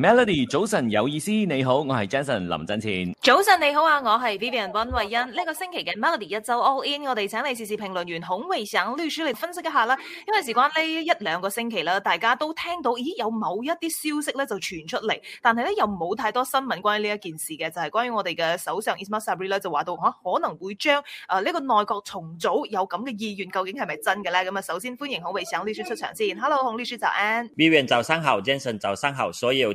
Melody，早晨有意思，你好，我係 Jason 林振前。早晨你好啊，我係 Vivian 温慧欣。呢、這個星期嘅 Melody 一周 All In，我哋請你時事評論員孔慧想律師嚟分析一下啦。因為事關呢一兩個星期啦，大家都聽到咦有某一啲消息咧就傳出嚟，但係咧又冇太多新聞關於呢一件事嘅，就係、是、關於我哋嘅首相 Ismail Sabri 咧就話到我可能會將誒呢、呃這個內閣重組有咁嘅意願，究竟係咪真嘅咧？咁啊，首先歡迎孔慧想律師出場先。嗯、Hello，孔律師早安。Vivian 早上好，Jason 早上好，所有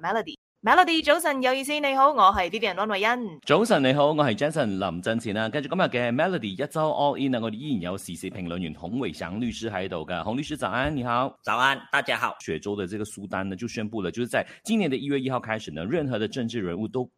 Melody，Melody，Mel 早晨有意思，你好，我係 D D 人安慧恩。早晨你好，我係 Jason 林振前啊。跟住今日嘅 Melody 一周 All In 啊，我哋依然有時事評論員洪偉祥律師喺度㗎，洪律師早安，你好，早安，大家好。雪州的這個蘇丹呢就宣布了，就是在今年的一月一號開始呢，任何的政治人物都，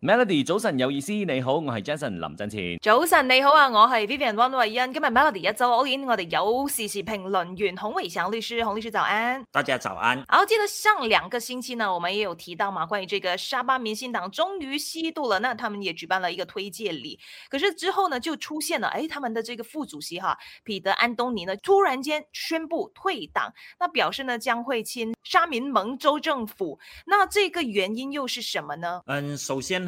Melody 早晨有意思，你好，我係 Jason 林振前。早晨你好啊，我係 Vivian One w 溫慧欣。今日 Melody 一周，當然我哋有時事評論員洪偉祥律師，洪律師早安，大家早安。然好，記得上兩個星期呢，我們也有提到嘛，關於這個沙巴民興黨終於吸毒了，那他們也舉辦了一個推介禮，可是之後呢就出現了，誒、哎，他們的這個副主席哈彼得安東尼呢突然間宣布退黨，那表示呢將會親沙民盟州政府，那這個原因又是什麼呢？嗯，首先。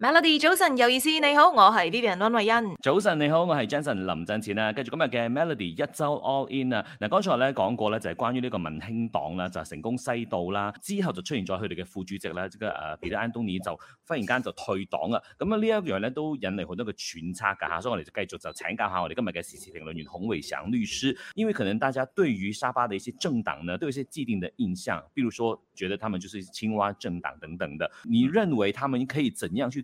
Melody 早晨，有意思，你好，我係 Vivian 溫慧欣。早晨你好，我係 Jason 林振前。啊。繼續今日嘅 Melody 一周 All In 啊。嗱、啊，剛才咧講過咧就係、是、關於呢個民興黨啦，就係、是、成功西渡啦，之後就出現咗佢哋嘅副主席咧，即係誒 Peter Anthony 就忽然間就退黨啦。咁啊這一呢一樣咧都引嚟好多嘅揣測噶吓，所以我哋就繼續就請教下我哋今日嘅時事評論員洪偉祥律師。因為可能大家對於沙巴的一些政黨呢，都有一些既定嘅印象，譬如說覺得他們就是青蛙政黨等等的。你認為他們可以怎樣去？